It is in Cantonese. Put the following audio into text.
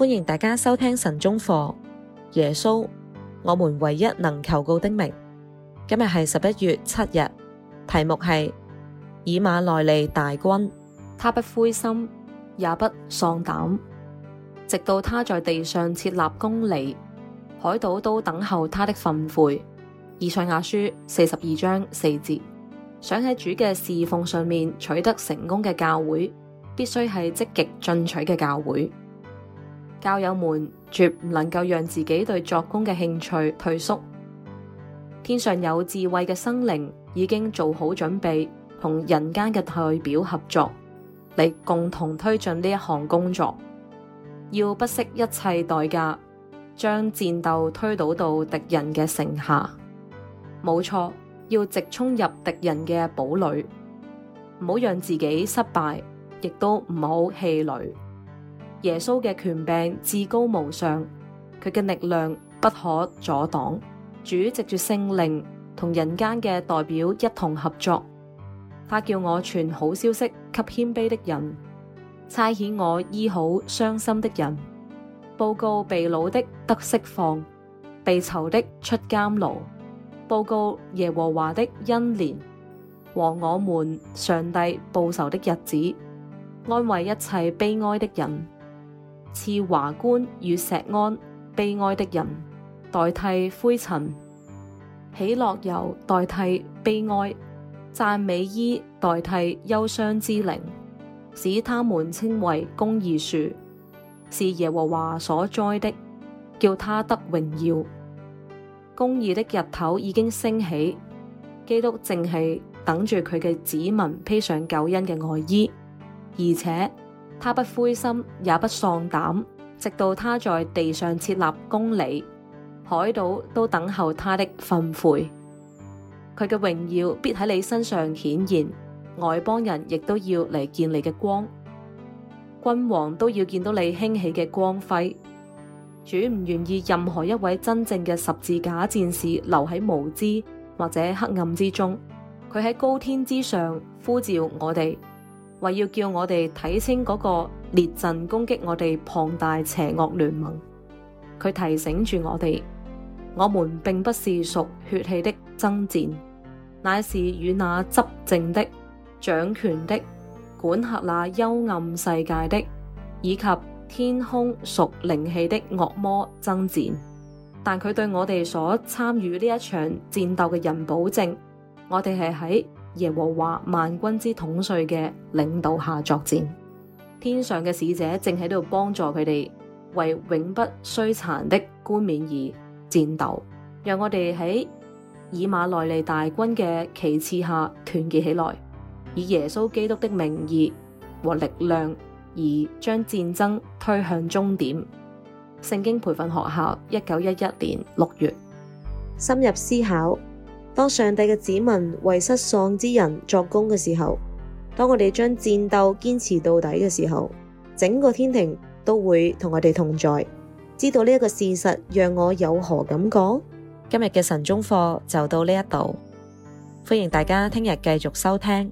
歡迎大家收聽神中課。耶穌，我們唯一能求告的名。今日係十一月七日，題目係以馬內利大君。他不灰心，也不喪膽，直到他在地上設立公理，海島都等候他的訓誨。以賽亞書四十二章四節。想喺主嘅侍奉上面取得成功嘅教會，必須係積極進取嘅教會。教友們絕唔能夠讓自己對作工嘅興趣退縮。天上有智慧嘅生靈已經做好準備，同人間嘅代表合作，嚟共同推進呢一項工作。要不惜一切代價，將戰鬥推倒到敵人嘅城下。冇錯，要直衝入敵人嘅堡壘。唔好讓自己失敗，亦都唔好氣餒。耶穌嘅權柄至高無上，佢嘅力量不可阻擋。主藉住聖靈同人間嘅代表一同合作，他叫我傳好消息給謙卑的人，差遣我醫好傷心的人，報告被擄的得釋放，被囚的出監牢，報告耶和華的恩憐和我們上帝報仇的日子，安慰一切悲哀的人。賜華冠與錫安，悲哀的人代替灰塵；喜樂油代替悲哀，讚美衣代替憂傷之靈，使他們稱為公義樹，是耶和華所栽的叫他得榮耀。公義的日頭已經升起，基督淨係等住佢嘅子民披上救恩嘅外衣，而且。他不灰心，也不喪膽，直到他在地上設立公理，海島都等候他的訓誨。佢嘅榮耀必喺你身上顯現，外邦人亦都要嚟見你嘅光，君王都要見到你興起嘅光輝。主唔願意任何一位真正嘅十字架戰士留喺無知或者黑暗之中。佢喺高天之上呼召我哋。為要叫我哋睇清嗰個列陣攻擊我哋龐大邪惡聯盟，佢提醒住我哋：「我們並不是屬血氣的爭戰，乃是與那執政的、掌權的、管轄那幽暗世界的，以及天空屬靈氣的惡魔爭戰」。但佢對我哋所參與呢一場戰鬥嘅人保證，我哋係喺。耶和華萬軍之統帥嘅領導下作戰，天上嘅使者正喺度幫助佢哋為永不衰殘的冠冕而戰鬥。讓我哋喺以馬內利大軍嘅旗幟下團結起來，以耶穌基督的名義和力量而將戰爭推向終點。聖經培訓學校，一九一一年六月，深入思考。當上帝嘅子民為失喪之人作工嘅時候，當我哋將戰鬥堅持到底嘅時候，整個天庭都會同我哋同在。知道呢一個事實，讓我有何感覺？今日嘅晨鐘課就到呢一度，歡迎大家聽日繼續收聽。